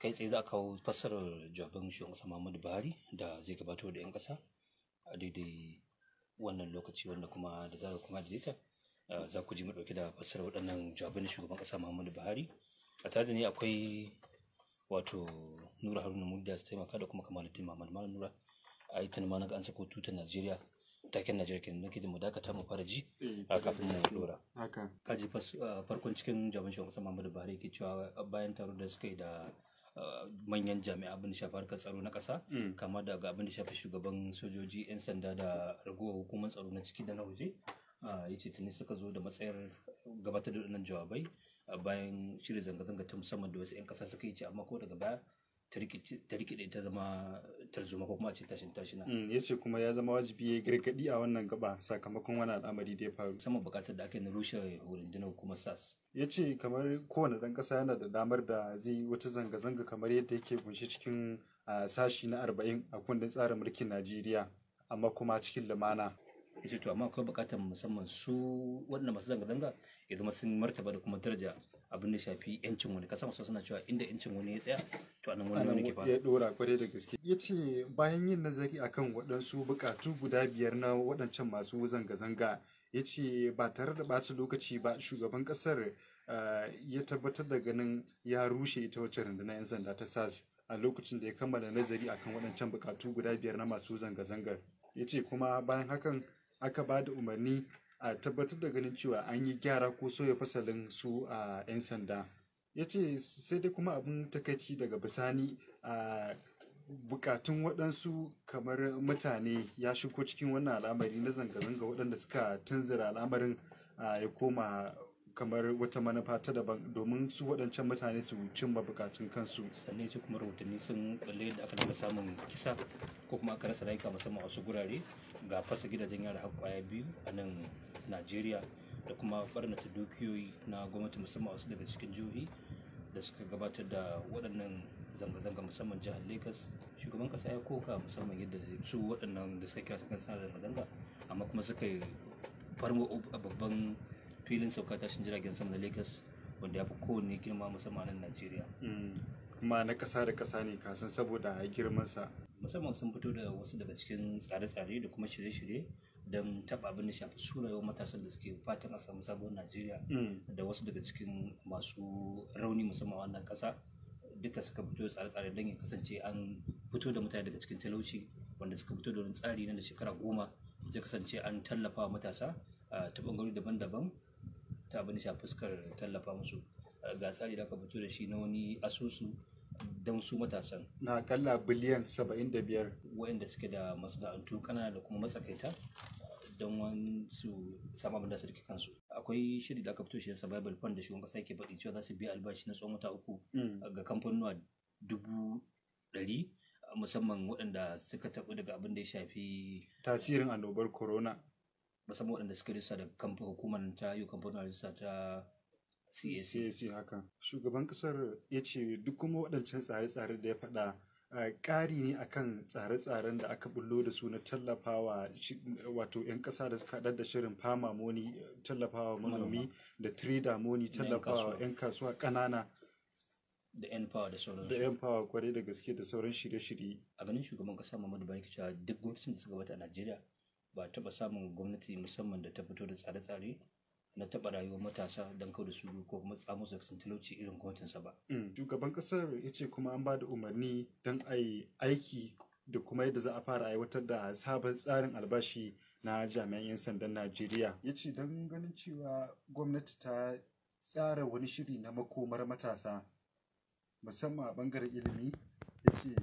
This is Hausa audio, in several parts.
kai tsaye za a kawo fassarar jabin shugaban kasa Muhammadu Buhari da zai gabato da 'yan kasa a daidai wannan lokaci wanda kuma da zarar kuma da za ku ji mu dauke da fassarar waɗannan jabin shugaban kasa Muhammadu Buhari a tare da ni akwai wato Nura Haruna Mudda su taimaka da kuma Kamaluddin Muhammad Malam Nura a yi tunama na an sako tutar Najeriya taken Najeriya kenan nake jin mu dakata mu fara ji eh, a kafin mu dora haka kaji farkon cikin jabin shugaban kasa Muhammadu Buhari ke cewa bayan taron da suka yi da manyan jami'a abin da shafi harkar tsaro na ƙasa mm. kama daga abin da shafi shugaban sojoji 'yan sanda da raguwar hukumar tsaro na ciki da na waje ya ce tuni suka zo da matsayar gabatar da waɗannan jawabai bayan shirin zanga-zanga ta musamman da wasu 'yan ƙasa suka yi ce amma ko daga baya ta rikide ta zama tarzoma ko kuma a ce tashin tashina. Mm, ya ce kuma ya zama wajibi ya gargaɗi a wannan gaba sakamakon wani al'amari da ya faru. sama bukatar da aka yi na rushe rundunar kuma sas. ya ce kamar kowane ɗan ƙasa yana da damar da zai yi wata zanga-zanga kamar yadda yake kunshi cikin ah, sashi na arba'in a kundin tsarin mulkin najeriya amma kuma cikin lumana. yace to amma akwai bukatar musamman su waɗanda masu zanga-zanga ya zama sun martaba da kuma daraja abin da shafi yancin wani kasa masu suna cewa inda yancin wani ya tsaya to anan wani wani ke fara ya dora kwarai da gaske ce bayan yin nazari akan waɗansu bukatu guda biyar na waɗancan masu zanga-zanga ya ce ba tare da ɓata lokaci ba shugaban kasar eh, ya tabbatar da ganin ya rushe ita wacce rundunar 'yan sanda ta sas a lokacin da ya kammala nazari akan waɗancan bukatu guda biyar na masu zanga-zangar ya ce kuma bayan hakan aka ba da umarni a tabbatar da ganin cewa an yi gyara ko soya fasalin su a 'yan sanda ya ce sai dai kuma abin takaici daga bisani a bukatun waɗansu kamar mutane ya shigo cikin wannan al'amari na zanga-zanga waɗanda suka tunzura al'amarin ya koma kamar wata manufa ta daban domin su waɗancan mutane su cimma bukatun kansu sannan ce kuma rahotanni sun kulle da aka daga samun kisa ko kuma aka rasa rayuka musamman a wasu gurare ga fasa gidajen yara har kwaya biyu a nan najeriya da kuma barnata dukiyoyi na gwamnati musamman wasu daga cikin jihohi da suka gabatar da waɗannan zanga-zanga musamman jihar lagos shugaban kasa ya koka musamman yadda su waɗannan da suka kira su kan zanga-zanga amma kuma suka yi farmo babban filin sauka tashin jiragen sama na lagos wanda ya fi kowanne girma musamman nan najeriya mm. kuma na kasa da kasa ne kasan saboda girman sa. musamman sun fito da wasu daga cikin tsare-tsare da kuma shirye-shirye don taɓa abin da shafi sunayen matasan da suke fatan a samu sabuwar najeriya mm. da wasu daga cikin masu rauni musamman wannan ƙasa duka suka fito da tsare-tsare don ya kasance an fito da mutane daga cikin talauci wanda suka fito da wani tsari na da shekara goma zai kasance an tallafa matasa ah, ta bangarori daban-daban ta abin da fuskar tallafa musu ga tsari da aka fito da shi na wani asusu don su matasan na kalla biliyan 75 Waɗanda suke da masana'antu kanana da kuma matsakaita don wani su samu abin da su rike kansu akwai shiri da aka fito shi na survival fund da shugaban kasa yake baɗi cewa za su biya albashi na tsawon wata uku hmm. ga kamfanuwa dubu ɗari musamman waɗanda suka taɓu daga abin da ya shafi tasirin annobar corona musamman waɗanda suka rista da kamfa hukumar ta yi kamfanin rista ta CAC. haka. Shugaban kasar ya ce duk kuma waɗancan tsare-tsare da ya faɗa ƙari ne akan tsare-tsaren da aka bullo da su na tallafawa wato 'yan ƙasa da suka haɗar da shirin fama moni tallafawa manomi da trader moni tallafawa 'yan kasuwa ƙanana da yan power da sauran da yan power kwarai da gaske da sauran shirye-shirye a ganin shugaban kasa Muhammadu Buhari duk gwamnatin da suka bata a Najeriya ba taɓa samun gwamnati musamman da ta fito da tsare-tsare na taɓa rayuwar matasa don kawo da su ko kuma tsamo su sun talauci irin gwamnatinsa ba. Mm, shugaban kasar ya ce kuma an ba da umarni don a yi aiki da kuma yadda za a fara aiwatar da sabon tsarin albashi na jami'an 'yan sandan Najeriya. Ya ce don ganin cewa gwamnati ta tsara wani shiri na makomar matasa musamman a bangaren ilimi ya ce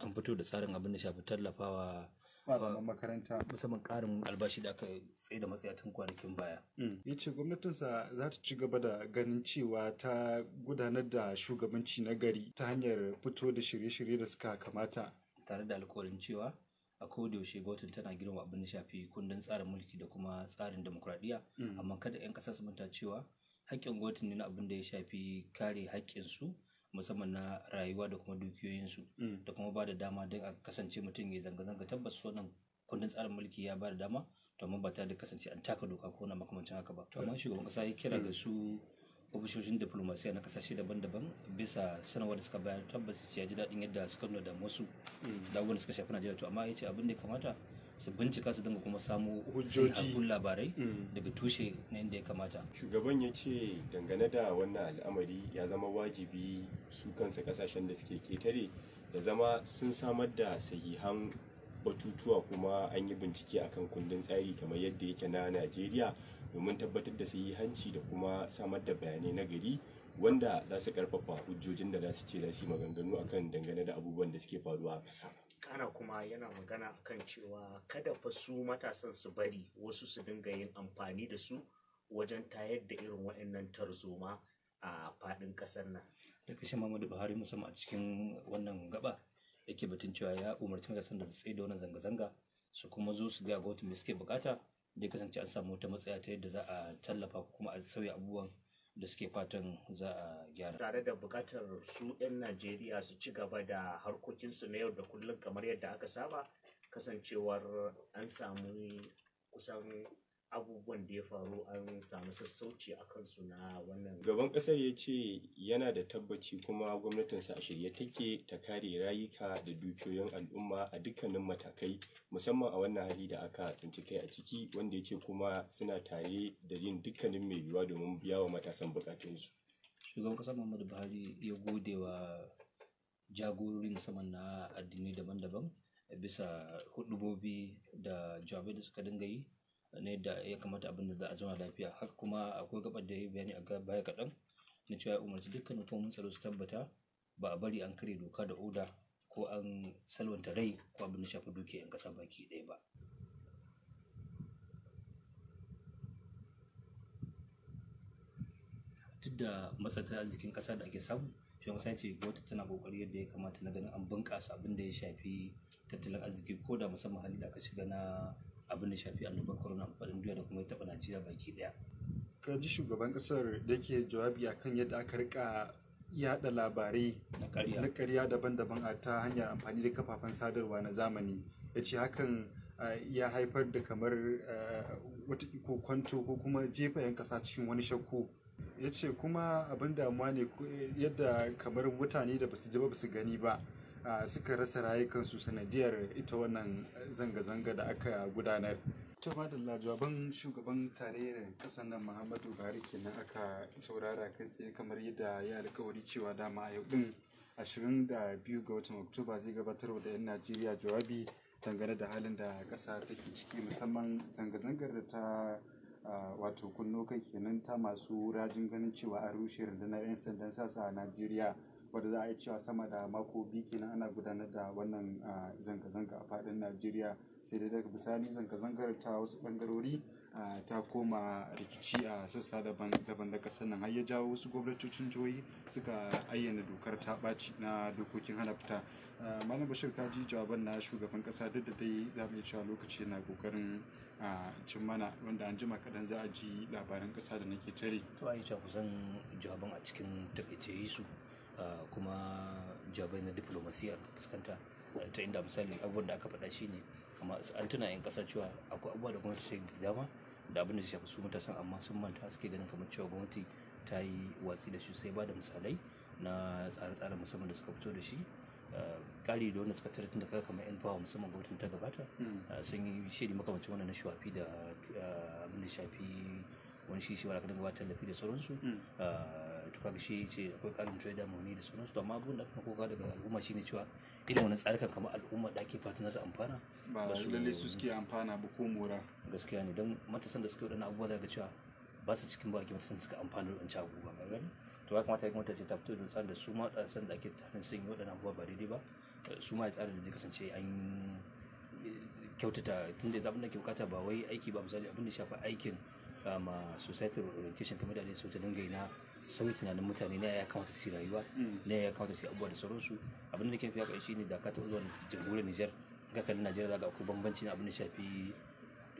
an fito da tsarin abin da shafi tallafawa malaman makaranta musamman karin albashi da aka tsaye da tun kwanakin baya mm. ya ce gwamnatinsa za ta ci gaba da ganin cewa ta gudanar da shugabanci na gari ta hanyar fito da shirye-shirye da suka kamata tare da alkawarin cewa a yaushe gwamnatin tana girma abin da shafi kundin tsarin mulki da kuma tsarin demokuraɗiyya mm. amma kada 'yan kasa su manta cewa haƙƙin gwamnati ne na abin da ya shafi kare haƙƙinsu musamman na rayuwa da kuma dukiyoyinsu mm. da kuma ba da dama don a kasance mutum ya zanga-zanga tabbas wannan kundin tsarin mulki ya ba da dama amma ba ta da kasance an taka doka ko na makamancin haka ba to amma mm. shugaban kasa ya kira ga mm. su ofishoshin diplomasiya na kasashe daban-daban bisa sanarwar da suka bayar tabbas ya ji daɗin yadda suka nuna da wasu da wani da suka shafi najeriya to amma ya ce abin da ya kamata su bincika su dinga kuma samu hujjoji labarai mm. daga tushe na inda ya kamata shugaban ya ce dangane da wannan al'amari ya zama wajibi su kansa kasashen da suke ketare ya zama sun samar da sahihan batutuwa kuma an yi bincike akan kundin tsari kamar yadda yake na najeriya domin tabbatar da sahihanci da kuma samar da bayanai na gari wanda za su karfafa hujjojin da za su ce za su yi maganganu akan dangane da abubuwan da suke faruwa a kasa kana kuma yana magana kan cewa kada fa su matasan su bari wasu su dinga yin amfani da su wajen tayar da irin waɗannan tarzoma a faɗin ƙasar nan da kashin da Buhari musamman a cikin wannan gaba yake batun cewa ya umarci matasan da su tsaye da wannan zanga-zanga su kuma zo su ga gwamnati da suke bukata da kasance an samu wata matsaya ta yadda za a tallafa kuma a sauya abubuwan da suke fatan za a gyara. Tare da bukatar su 'yan Najeriya su ci gaba da harkokinsu na yau da kullum kamar yadda aka saba kasancewar an samu kusan abubuwan da ya faru an samu sassauci a kansu na wannan gaban kasar ya ce yana da tabbaci kuma gwamnatinsa a shirye take ta kare rayuka da dukiyoyin al'umma a dukkanin matakai musamman a wannan hali da aka tsinci kai a ciki wanda ya ce kuma suna tare da yin dukkanin mai yiwuwa domin biya wa matasan bukatunsu shugaban kasar muhammadu buhari ya gode wa jagorori musamman na addini daban-daban bisa hudubobi da jawabai da suka dinga yi na yadda ya kamata abin da za a zauna lafiya har kuma akwai gabar da ya bayani a baya kaɗan na cewa umarci dukkan hukumomin tsaro su tabbata ba a bari an kare doka da oda ko an salwanta rai ko abin da shafi dukiyan ƙasa baki ɗaya ba duk da matsatar arzikin ƙasa da ake samu shugaban sai ce wata tana kokari yadda ya kamata na ganin an bunƙasa abin da ya shafi tattalin arziki ko da musamman hali da aka shiga na abin da shafi annobar corona faɗin duniya da kuma ya taɓa najeriya baki ɗaya ka ji shugaban ƙasar da ke jawabi akan yadda aka rika yada labarai na ƙarya daban-daban a ta hanyar amfani da kafafen sadarwa na zamani ya ce hakan ya haifar da kamar wata kwanto ko kuma jefa 'yan ƙasa cikin wani shakku yace kuma abin damuwa ne yadda kamar mutane da basu ji ba basu gani ba suka rasa rayukansu sanadiyar ita wannan zanga-zanga da aka gudanar. ta da jawaban shugaban tarayyar kasar nan muhammadu buhari kenan aka saurara kai tsaye kamar yadda ya alkawari cewa dama a yau din 22 ga watan oktoba zai gabatar da 'yan najeriya jawabi dangane da halin da kasa take ciki musamman zanga-zangar da ta wato kunno kai kenan ta masu rajin ganin cewa a rushe rundunar 'yan sandan sasa a najeriya wadda za a yi cewa sama da mako biyu kenan ana gudanar da wannan zanga-zanga a faɗin najeriya sai dai daga bisani zanga-zangar ta wasu ɓangarori ta koma rikici a sassa daban-daban da ƙasar nan har ya jawo wasu gwamnatocin jihohi suka ayyana dokar ta ɓaci na dokokin hana fita malam bashir kaji jawaban na shugaban ƙasa duk da dai za mu cewa lokaci na ƙoƙarin cin mana wanda an jima kaɗan za a ji labaran ƙasa da nake tare to a yi kusan jawaban a cikin takaice su Ah, kuma jabai na diplomasiya ka fuskanta ta inda misali abubuwan da aka faɗa shi ne amma an tuna yin ƙasa cewa akwai abubuwa da gwamnati ta da dama da abin da ya shafi su matasan amma sun manta suke ganin kamar cewa gwamnati ta yi watsi da shi sai ba da misalai na tsare-tsare musamman da suka fito da shi kari ah, da wanda suka tare tun da kaga kamar yan bawa musamman gwamnatin ta gabata hmm. ah, sun yi shiri makamacin wannan na shafi da abin da shafi wani shi shi ba da gabatar da fi da sauransu hmm. to kaga shi ce akwai karin da murni da sunan su amma abin da kuma koka daga al'umma shine cewa irin wani tsarikan kamar al'umma da ake fatan su amfana ba su lalle su suke amfana ba ko mora gaskiya ne don matasan da suke wadannan abubuwa daga cewa ba su cikin ba matasan suka amfana da wancan abubuwa ba gani to ya kamata ya kamata ce ta fito da tsarin da su ma san da ake tafin sun yi waɗannan abubuwa ba daidai ba su ma ya tsarin da zai kasance an kyautata tun da zaɓin da ke bukata ba wai aiki ba misali abin da shafa aikin ah, ma societal orientation kamar da ne so ta dinga na sauyi tunanin mutane na ya kamata su rayuwa mm. na ya kamata su abubuwa da sauransu abin da ke fi haka ne da ka taɓa zuwa jamhuriyar Nijar ga kan Najeriya za ga akwai bambanci na abin da shafi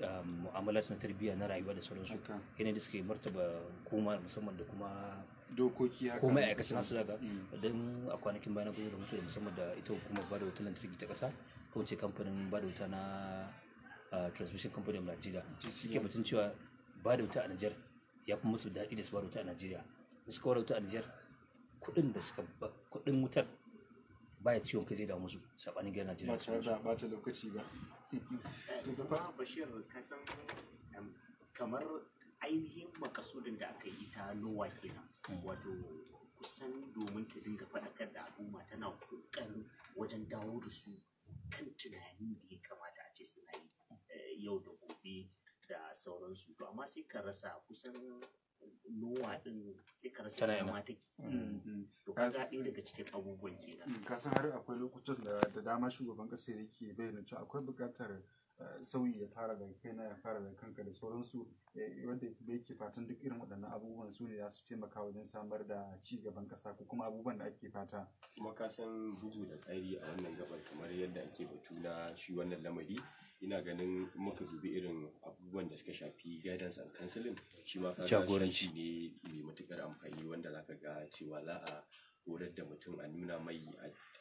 um, mu'amalar na tarbiyya na rayuwa da sauransu yana da suke martaba kuma musamman da kuma dokoki haka kuma ya kasance su daga don a kwanakin bayan gudu da mutu da musamman da ita hukumar da wutar lantarki ta kasa ko ce kamfanin da wuta na transmission company of Najeriya suke batun cewa da wuta a Nijar ya fi musu daɗi da su da wuta a Najeriya da suka wuta a Nijar kuɗin da suka kuɗin wutar baya ciwon kai zai damu su sabanin gidan Nijar. Ba tare da ɓata lokaci ba. Ba Bashir ka san kamar ainihin makasudin da aka yi ta nowa kenan hmm. wato kusan domin ta dinga faɗakar da al'umma tana ƙoƙarin wajen dawo da su kan tunani da ya kamata a ce suna yi eh, yau da gobe da sauransu to amma sai ka rasa kusan lowa din sai ka rasa dama take mm. Mm. to ka ga ɗaya daga cikin abubuwan kenan mm, ka san har akwai lokutan da da dama shugaban ƙasa yake bayyana cewa akwai buƙatar eh, sauyi ya fara daga na ya fara daga kanka da sauransu eh, wanda yake fatan duk irin waɗannan abubuwan su ne za su taimaka wajen samar da ci gaban ƙasa ko kuma abubuwan da ake fata. kuma ka san bugu da tsari a wannan gabar kamar yadda ake batu na shi wannan lamari ina ganin muka dubi irin abubuwan da suka shafi guidance and counseling shi ma ka jagoranci ne mai matukar amfani wanda zaka ga cewa za a horar da mutum a nuna mai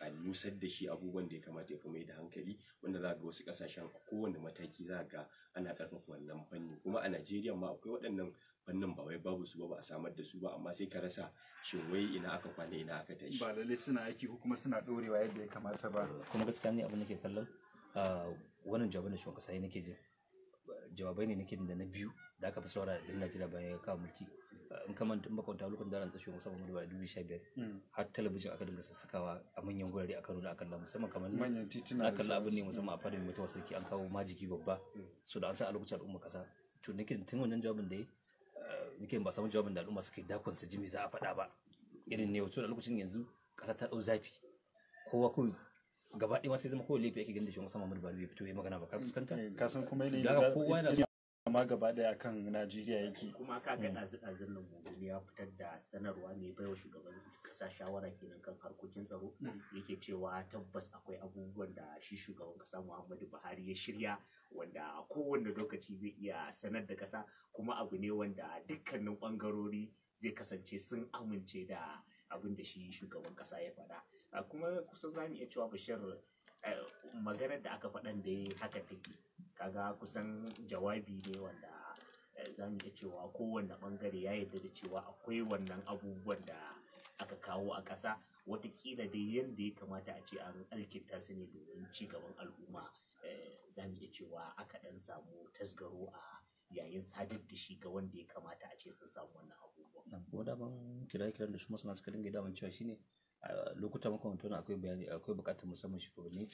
a nusar da shi abubuwan da ya kamata ya fi mai da hankali wanda za ga wasu kasashen a kowane mataki za ga ana karfafa wannan fanni kuma a Najeriya ma akwai waɗannan fannin ba wai babu su ba ba a samar da su ba amma sai ka rasa shin wai ina aka kwana ina aka tashi ba lalle suna aiki ko kuma suna dorewa yadda ya kamata ba kuma gaskiya ne abin da ke kallon ah, wannan jawabin da shugaban kasa nake ji jawabai ne nake da na biyu da aka fi saurara da Najeriya bayan ya kawo mulki in ka manta in baka wanta lokacin da ran tashi musamman mu da biyar mm. har talabijin aka dinga sassakawa a manyan gurare a Kano da aka lalla musamman kamar manyan aka lalla abin ne musamman a fadin mutuwa sarki an kawo jiki babba mm. so da an sa a lokacin al'umma kasa to nake tun wannan jawabin da eh, nake ba samun jawabin da al'umma suke dakon su ji me za a faɗa ba irin ne wato da lokacin yanzu kasa ta ɗau zafi kowa kawai gaba ɗaya sai zama kawai laifi ake gani da shi musamman Muhammadu bai fito ya magana ba ka fuskanta eh, ka kuma yanayin da kowa yana amma gaba ɗaya kan Najeriya yake kuma ka ga dazu hmm. dazun nan gobe ya fitar da sanarwa mai baiwa shugaban kasa shawara kenan kan harkokin tsaro hmm. yake cewa tabbas akwai abubuwan da shi shugaban kasa Muhammadu Buhari ya shirya wanda kowane lokaci zai iya sanar da kasa kuma abu ne wanda dukkanin bangarori zai kasance sun amince da abin da shi shugaban kasa ya faɗa a kuma kusan za mu iya cewa bashir eh, maganar da aka faɗan da ya haka take kaga kusan jawabi ne wanda eh, za mu iya cewa kowanne ɓangare ya yarda da cewa akwai wannan abubuwan da aka kawo a ƙasa watakila dai yadda ya kamata a ce an alkinta su ne domin ci gaban al'umma eh, za mu iya cewa aka ɗan samu tasgaro a yayin sadar da shi ga wanda ya kamata a ce sun samu wannan abubuwan. Nan kira-kiran da su masana suka dinga damar cewa shine a lokuta makamantan akwai bayani akwai bukatar musamman shugabanni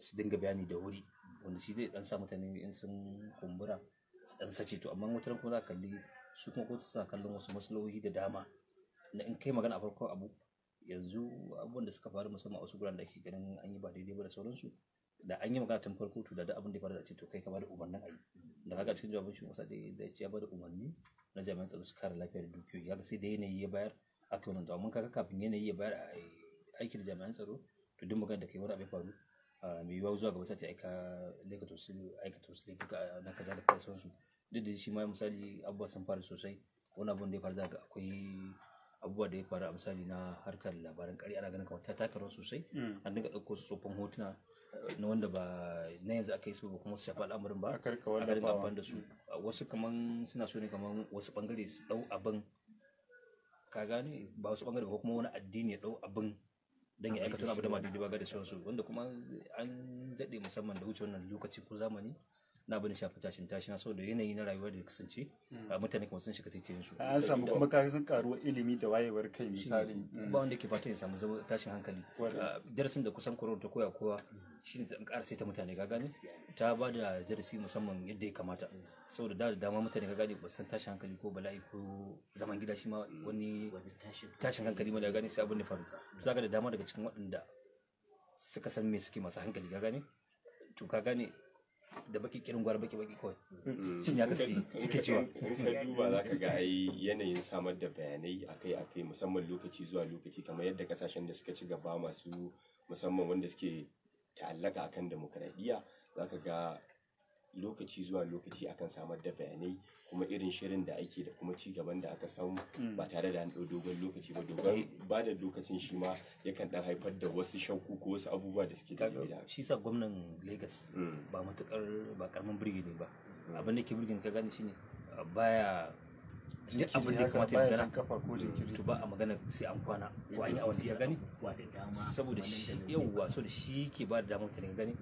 su dinga bayani da wuri wanda shi zai dan sa mutane in sun kumbura su dan sace to amma mutane kuma za ka kalli su kuma kotu suna kallon wasu maslahohi da dama na in kai magana a farko abu yanzu abubuwan da suka faru musamman a wasu guraren da ake ganin an yi ba daidai ba da sauransu da an yi magana tun farko to da da abin da ya faru da ce to kai ka bada umarnin ayi da kaga cikin jawabin shi musa da ya ce ya bada umarni na jami'an tsaro su kare lafiyar dukiyoyi kaga sai da yanayi ya bayar aka wannan domin kaga kafin yanayi ya bayar aikin jami'an tsaro to duk magana da kai wani abin faru mai yiwuwa zuwa gaba sace aika aikata wasu aikata wasu laifuka na kaza da kasuwansu duk da shi ma misali abubuwa sun faru sosai wani abun da ya faru da akwai abubuwa da ya faru a misali na harkar labaran kari ana ganin kamar ta taka rawa sosai hmm. an dinga ɗauko su tsofaffin hotuna na wanda ba na yanzu aka yi su ba kuma su shafa al'amarin ba a dinga amfani da su hmm. wasu kaman suna so ne kaman wasu bangare su ɗau abin ka gani ba wasu bangare ba kuma wani addini ya dau abin dan ya aikata abu da ma daidai ba ga da sauransu wanda kuma an daɗe musamman da wuce wannan lokaci ko zamani na abin da shafi tashin tashina saboda yanayi na rayuwa da ya kasance hmm. mutane kuma sun shiga titin su an samu kuma kasan karuwa ilimi da wayewar kai misali hmm. ba wanda ke fata ya samu zama tashin hankali darasin da kusan korona ta koya kowa shine ta ƙara sai ta mutane ga gane ta ba da darasi musamman yadda ya kamata saboda da dama mutane ga gane ba san tashin hankali ko bala'i ko zaman gida shi ma wani tashin hankali ma da gane sai abin da faru zaka da dama daga cikin waɗanda suka san me suke masu hankali ga gane to ka gane da baki kirin gwar baki baki kawai shin ya kasi suke cewa in duba za ka ga ai yanayin samar da bayanai akai akai musamman lokaci zuwa lokaci kamar yadda kasashen da suka ci gaba masu musamman wanda suke ta'allaka akan demokradiyya za ka ga lokaci zuwa lokaci akan samar da bayanai kuma irin shirin da ake da kuma ci gaban da aka samu hmm. ba tare da an ɗau dogon lokaci ba dogon ba da lokacin shi ma yakan ɗan haifar da wasu shauku ko wasu abubuwa da suke da shi sa gwamnan lagos hmm. ba matukar ba karamin birgi ne ba hmm. abin da ke birgin ka gane shine baya duk abin da kamata ya magana to ba a magana sai an kwana ko an yi awanti ya gani saboda shi yawwa so da shi ke ba da damar ta gani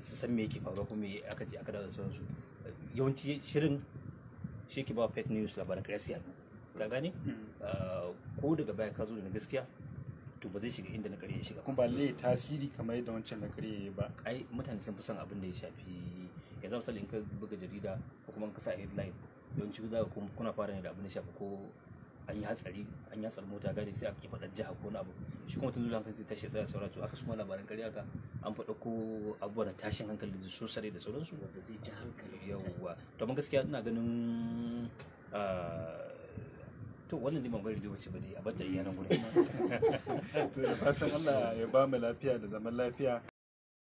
su san me yake faruwa kuma me aka ji aka da sauransu yawanci shirin shi ke ba fake news labaran kare siya ka gane hmm. ah, ko daga baya ka zo da gaskiya to ba zai shiga inda na kare ya shiga kuma ba lai tasiri kamar yadda wancan na kare ba ai mutane sun fi son abin da ya shafi ya zama in ka buga jarida ko kuma ka sa headline yawanci za ka kuna fara ne da abin da shafi ko an yi hatsari an yi hatsari mota gari sai kifa ɗan jiha ko na abu shi kuma tun hankali sai tashi tsaya saurara to haka su ma labaran ƙarya ka an faɗa ko abubuwa na tashin hankali da su sosai da sauransu wanda zai ji hankali yawwa to amma gaskiya ina ganin ah, to wannan ne mamari da ba bane a bata iya nan gurin to da fatan Allah ya ba mu lafiya da zaman lafiya